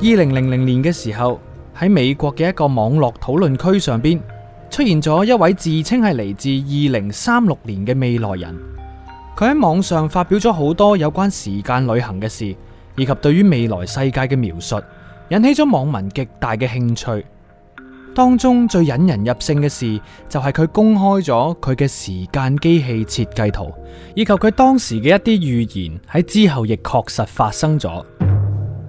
二零零零年嘅時候，喺美國嘅一個網絡討論區上邊，出現咗一位自稱係嚟自二零三六年嘅未來人。佢喺網上發表咗好多有關時間旅行嘅事，以及對於未來世界嘅描述，引起咗網民極大嘅興趣。當中最引人入勝嘅事，就係佢公開咗佢嘅時間機器設計圖，以及佢當時嘅一啲預言喺之後亦確實發生咗。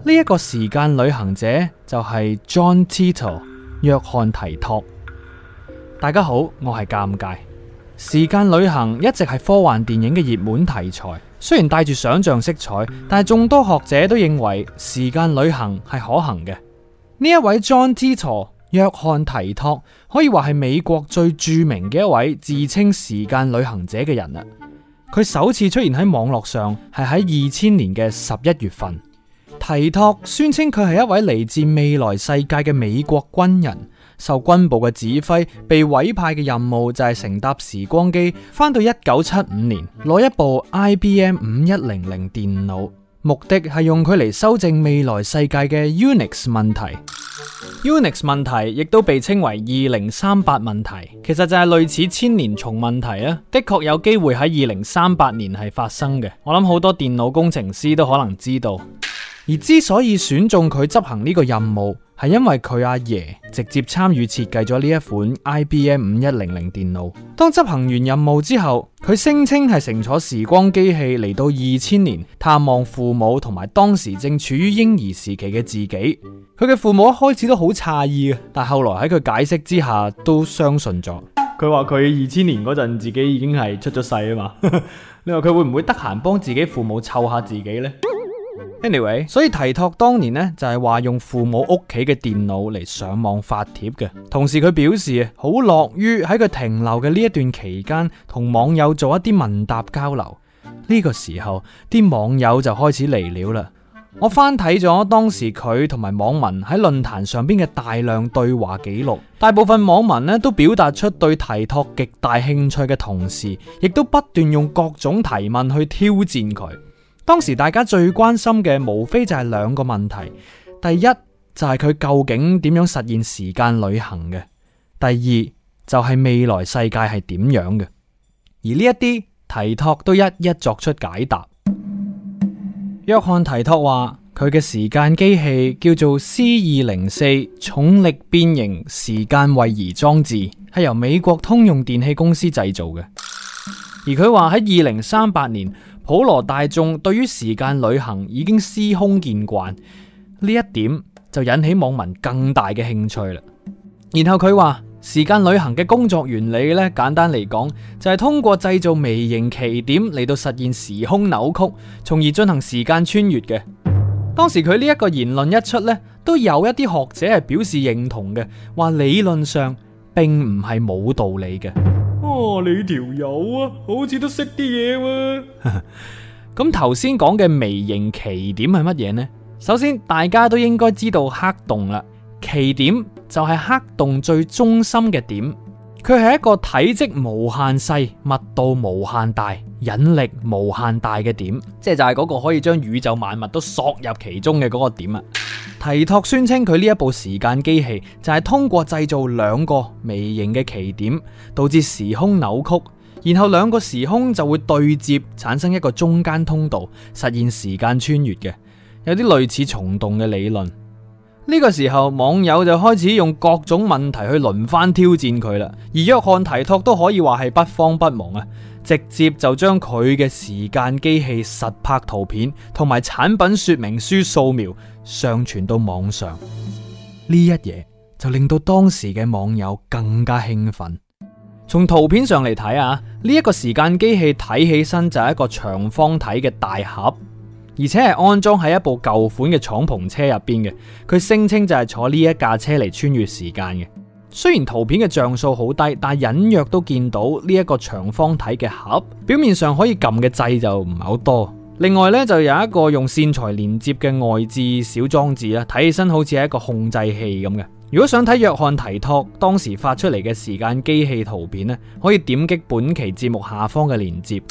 呢一個時間旅行者就係 John Titor 約翰提托。大家好，我係尷尬。時間旅行一直係科幻電影嘅熱門題材，雖然帶住想象色彩，但係眾多學者都認為時間旅行係可行嘅。呢一位 John Titor 約翰提托可以話係美國最著名嘅一位自稱時間旅行者嘅人啦。佢首次出現喺網絡上係喺二千年嘅十一月份。提托宣稱佢係一位嚟自未來世界嘅美國軍人，受軍部嘅指揮，被委派嘅任務就係乘搭時光機翻到一九七五年攞一部 IBM 五一零零電腦，目的係用佢嚟修正未來世界嘅 Unix 問題。Unix 問題亦都被稱為二零三八問題，其實就係類似千年蟲問題啊。的確有機會喺二零三八年係發生嘅。我諗好多電腦工程師都可能知道。而之所以選中佢執行呢個任務係因為佢阿爺直接參與設計咗呢一款 IBM 五一零零電腦。當執行完任務之後，佢聲稱係乘坐時光機器嚟到二千年探望父母同埋當時正處於嬰兒時期嘅自己。佢嘅父母一開始都好詫異嘅，但係後來喺佢解釋之下都相信咗。佢話佢二千年嗰陣自己已經係出咗世啊嘛， 你話佢會唔會得閒幫自己父母湊下自己呢？」anyway，所以提托當年呢，就係話用父母屋企嘅電腦嚟上網發帖嘅，同時佢表示好樂於喺佢停留嘅呢一段期間同網友做一啲問答交流。呢個時候啲網友就開始嚟了啦。我翻睇咗當時佢同埋網民喺論壇上邊嘅大量對話記錄，大部分網民呢都表達出對提托極大興趣嘅同時，亦都不斷用各種提問去挑戰佢。當時大家最關心嘅無非就係兩個問題，第一就係、是、佢究竟點樣實現時間旅行嘅，第二就係、是、未來世界係點樣嘅。而呢一啲提托都一一作出解答。約翰提托話，佢嘅時間機器叫做 C 二零四重力變形時間位移裝置，係由美國通用電器公司製造嘅。而佢話喺二零三八年。普羅大眾對於時間旅行已經司空見慣，呢一點就引起網民更大嘅興趣啦。然後佢話時間旅行嘅工作原理咧，簡單嚟講就係、是、通過製造微型奇點嚟到實現時空扭曲，從而進行時間穿越嘅。當時佢呢一個言論一出咧，都有一啲學者係表示認同嘅，話理論上並唔係冇道理嘅。哦，你條友啊，好似都識啲嘢喎。咁頭先講嘅微型奇點係乜嘢呢？首先，大家都應該知道黑洞啦。奇點就係黑洞最中心嘅點，佢係一個體積無限細、密度無限大、引力無限大嘅點，即係就係嗰個可以將宇宙萬物都索入其中嘅嗰個點啊。提托宣稱佢呢一部時間機器就係通過製造兩個微型嘅奇點，導致時空扭曲，然後兩個時空就會對接，產生一個中間通道，實現時間穿越嘅，有啲類似蟲洞嘅理論。呢個時候，網友就開始用各種問題去輪番挑戰佢啦，而約翰提托都可以話係不慌不忙啊，直接就將佢嘅時間機器實拍圖片同埋產品說明書掃描。上傳到網上，呢一嘢，就令到當時嘅網友更加興奮。從圖片上嚟睇啊，呢一個時間機器睇起身就係一個長方體嘅大盒，而且係安裝喺一部舊款嘅敞篷車入邊嘅。佢聲稱就係坐呢一架車嚟穿越時間嘅。雖然圖片嘅像素好低，但係隱約都見到呢一個長方體嘅盒，表面上可以撳嘅掣就唔係好多。另外咧，就有一個用線材連接嘅外置小裝置啦，睇起身好似係一個控制器咁嘅。如果想睇約翰提托當時發出嚟嘅時間機器圖片咧，可以點擊本期節目下方嘅鏈接。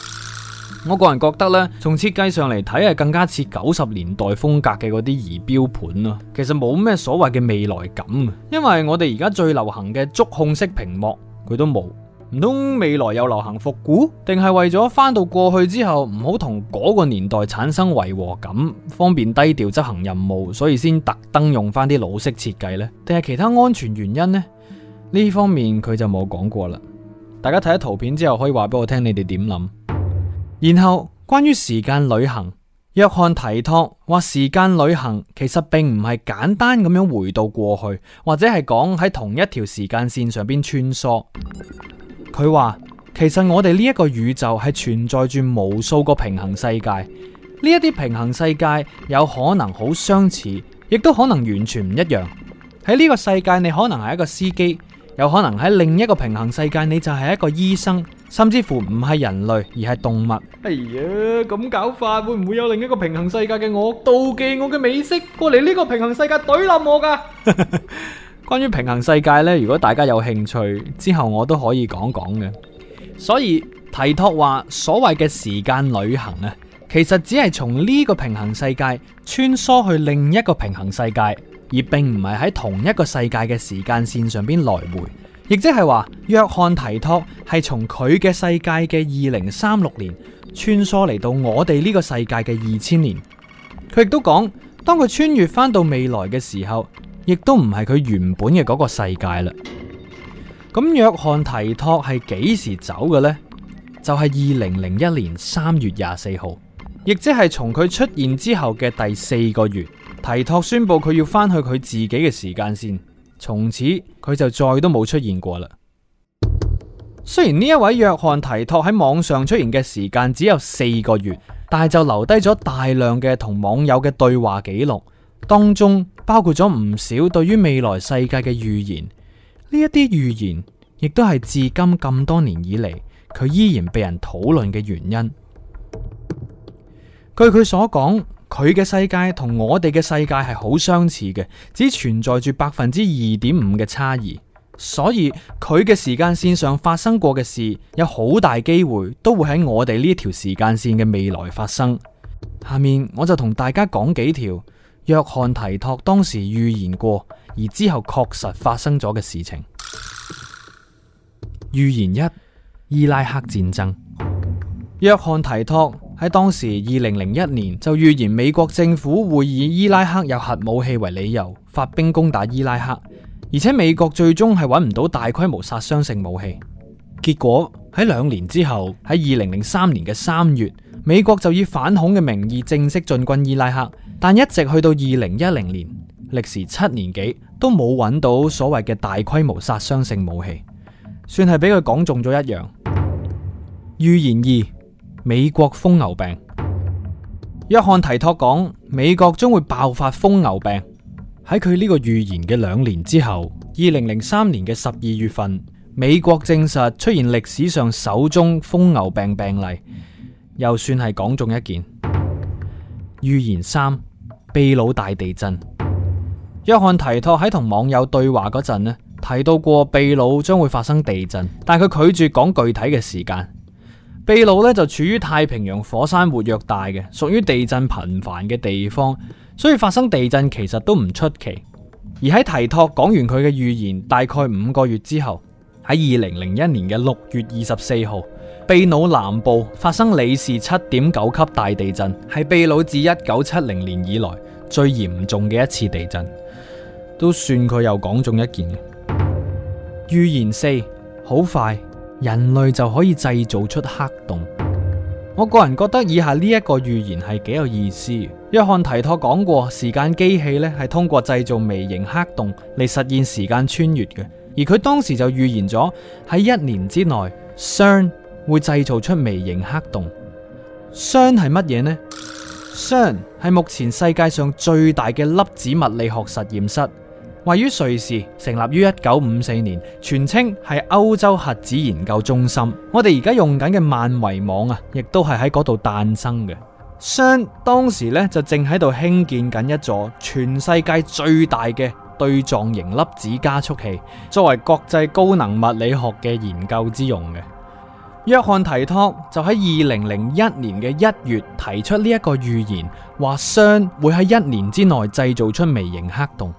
我個人覺得呢，從設計上嚟睇係更加似九十年代風格嘅嗰啲儀表盤咯，其實冇咩所謂嘅未來感，因為我哋而家最流行嘅觸控式屏幕，佢都冇。唔通未來又流行復古，定係為咗翻到過去之後唔好同嗰個年代產生違和感，方便低調執行任務，所以先特登用翻啲老式設計呢？定係其他安全原因呢？呢方面佢就冇講過啦。大家睇咗圖片之後，可以話俾我聽你哋點諗？然後關於時間旅行，約翰提托話時間旅行其實並唔係簡單咁樣回到過去，或者係講喺同一條時間線上邊穿梭。佢話：其實我哋呢一個宇宙係存在住無數個平衡世界，呢一啲平衡世界有可能好相似，亦都可能完全唔一樣。喺呢個世界，你可能係一個司機，有可能喺另一個平衡世界你就係一個醫生，甚至乎唔係人類而係動物。哎呀，咁搞法會唔會有另一個平衡世界嘅我妒忌我嘅美色，過嚟呢個平衡世界懟冧我噶？ 關於平行世界咧，如果大家有興趣，之後我都可以講講嘅。所以提托話，所謂嘅時間旅行咧，其實只係從呢個平行世界穿梭去另一個平行世界，而並唔係喺同一個世界嘅時間線上邊來回。亦即係話，約翰提托係從佢嘅世界嘅二零三六年穿梭嚟到我哋呢個世界嘅二千年。佢亦都講，當佢穿越翻到未來嘅時候。亦都唔係佢原本嘅嗰個世界啦。咁約翰提托係幾時走嘅呢？就係二零零一年三月廿四號，亦即係從佢出現之後嘅第四個月，提托宣佈佢要翻去佢自己嘅時間線。從此佢就再都冇出現過啦。雖然呢一位約翰提托喺網上出現嘅時間只有四個月，但係就留低咗大量嘅同網友嘅對話記錄，當中。包括咗唔少對於未來世界嘅預言，呢一啲預言亦都係至今咁多年以嚟，佢依然被人討論嘅原因。據佢所講，佢嘅世界同我哋嘅世界係好相似嘅，只存在住百分之二點五嘅差異，所以佢嘅時間線上發生過嘅事，有好大機會都會喺我哋呢條時間線嘅未來發生。下面我就同大家講幾條。約翰提托當時預言過，而之後確實發生咗嘅事情。預言一：伊拉克戰爭。約翰提托喺當時二零零一年就預言美國政府會以伊拉克有核武器為理由發兵攻打伊拉克，而且美國最終係揾唔到大規模殺傷性武器。結果喺兩年之後，喺二零零三年嘅三月，美國就以反恐嘅名義正式進軍伊拉克。但一直去到二零一零年，歷時七年幾都冇揾到所謂嘅大規模殺傷性武器，算係俾佢講中咗一樣。預言二：美國瘋牛病。約翰提托講美國將會爆發瘋牛病。喺佢呢個預言嘅兩年之後，二零零三年嘅十二月份，美國證實出現歷史上首宗瘋牛病病例，又算係講中一件。預言三。秘魯大地震，約翰提托喺同網友對話嗰陣呢，提到過秘魯將會發生地震，但佢拒絕講具體嘅時間。秘魯呢就處於太平洋火山活躍帶嘅，屬於地震頻繁嘅地方，所以發生地震其實都唔出奇。而喺提托講完佢嘅預言，大概五個月之後，喺二零零一年嘅六月二十四號。秘魯南部發生里氏7.9級大地震，係秘魯自一九七零年以來最嚴重嘅一次地震，都算佢又講中一件嘅。預言四，好快人類就可以製造出黑洞。我個人覺得以下呢一個預言係幾有意思。約翰提托講過，時間機器咧係通過製造微型黑洞嚟實現時間穿越嘅，而佢當時就預言咗喺一年之內，CERN。會製造出微型黑洞。雙係乜嘢呢？雙係目前世界上最大嘅粒子物理學實驗室，位於瑞士，成立於一九五四年，全稱係歐洲核子研究中心。我哋而家用緊嘅萬維網啊，亦都係喺嗰度誕生嘅。雙當時咧，就正喺度興建緊一座全世界最大嘅對撞型粒子加速器，作為國際高能物理學嘅研究之用嘅。約翰提托就喺二零零一年嘅一月提出呢一個預言，話雙會喺一年之內製造出微型黑洞。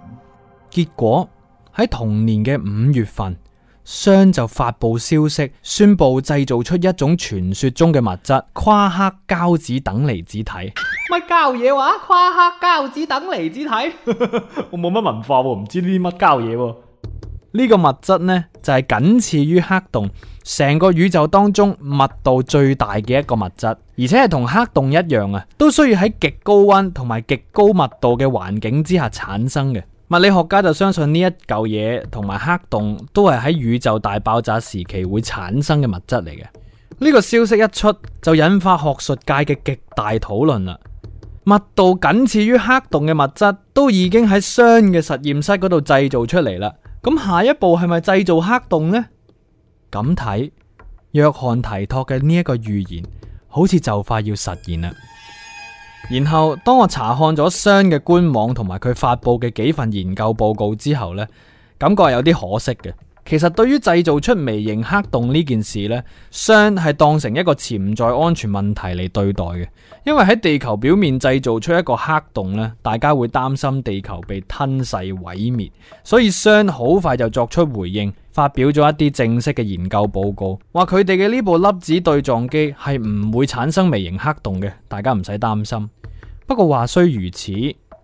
結果喺同年嘅五月份，雙就發布消息，宣布製造出一種傳說中嘅物質——夸克膠子等離子體。乜膠嘢話？夸克膠子等離子體？ 我冇乜文化喎，唔知呢啲乜膠嘢喎。呢個物質呢就係、是、僅次於黑洞，成個宇宙當中密度最大嘅一個物質，而且係同黑洞一樣啊，都需要喺極高温同埋極高密度嘅環境之下產生嘅。物理學家就相信呢一嚿嘢同埋黑洞都係喺宇宙大爆炸時期會產生嘅物質嚟嘅。呢、這個消息一出就引發學術界嘅極大討論啦。密度僅次於黑洞嘅物質都已經喺雙嘅實驗室嗰度製造出嚟啦。咁下一步係咪製造黑洞呢？咁睇約翰提托嘅呢一個預言，好似就快要實現啦。然後當我查看咗商嘅官網同埋佢發佈嘅幾份研究報告之後呢，感覺有啲可惜嘅。其實對於製造出微型黑洞呢件事呢，雙係當成一個潛在安全問題嚟對待嘅。因為喺地球表面製造出一個黑洞呢，大家會擔心地球被吞噬毀滅，所以雙好快就作出回應，發表咗一啲正式嘅研究報告，話佢哋嘅呢部粒子對撞機係唔會產生微型黑洞嘅，大家唔使擔心。不過話雖如此，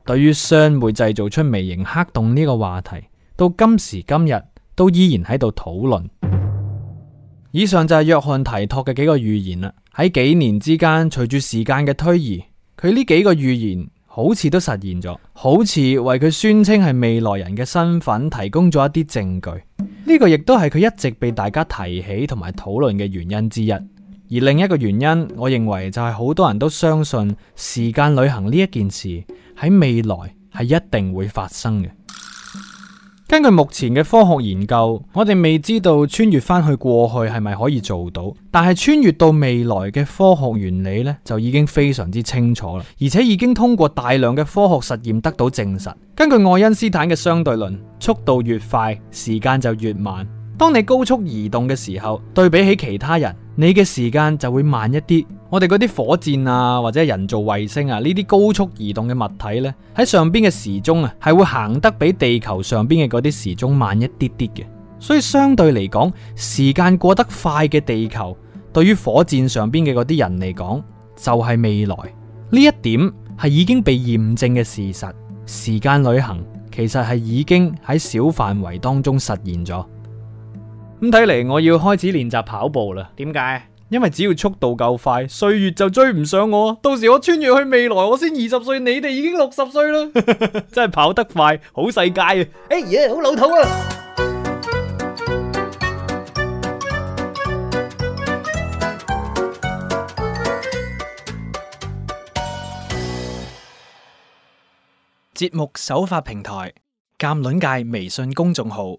對於雙會製造出微型黑洞呢個話題，到今時今日。都依然喺度討論。以上就係約翰提托嘅幾個預言啦。喺幾年之間，隨住時間嘅推移，佢呢幾個預言好似都實現咗，好似為佢宣稱係未來人嘅身份提供咗一啲證據。呢個亦都係佢一直被大家提起同埋討論嘅原因之一。而另一個原因，我認為就係好多人都相信時間旅行呢一件事喺未來係一定會發生嘅。根據目前嘅科學研究，我哋未知道穿越翻去過去係咪可以做到，但係穿越到未來嘅科學原理呢，就已經非常之清楚啦，而且已經通過大量嘅科學實驗得到證實。根據愛因斯坦嘅相對論，速度越快，時間就越慢。當你高速移動嘅時候，對比起其他人，你嘅時間就會慢一啲。我哋嗰啲火箭啊，或者人造衛星啊，呢啲高速移動嘅物體咧，喺上邊嘅時鐘啊，係會行得比地球上邊嘅嗰啲時鐘慢一啲啲嘅。所以相對嚟講，時間過得快嘅地球，對於火箭上邊嘅嗰啲人嚟講，就係未來。呢一點係已經被驗證嘅事實。時間旅行其實係已經喺小範圍當中實現咗。咁睇嚟，我要開始練習跑步啦。點解？因為只要速度夠快，歲月就追唔上我。到時我穿越去未來，我先二十歲，你哋已經六十歲啦。 真係跑得快，好世界啊！哎耶，yeah，好老土啊！節目首發平台：鑑輪界微信公眾號。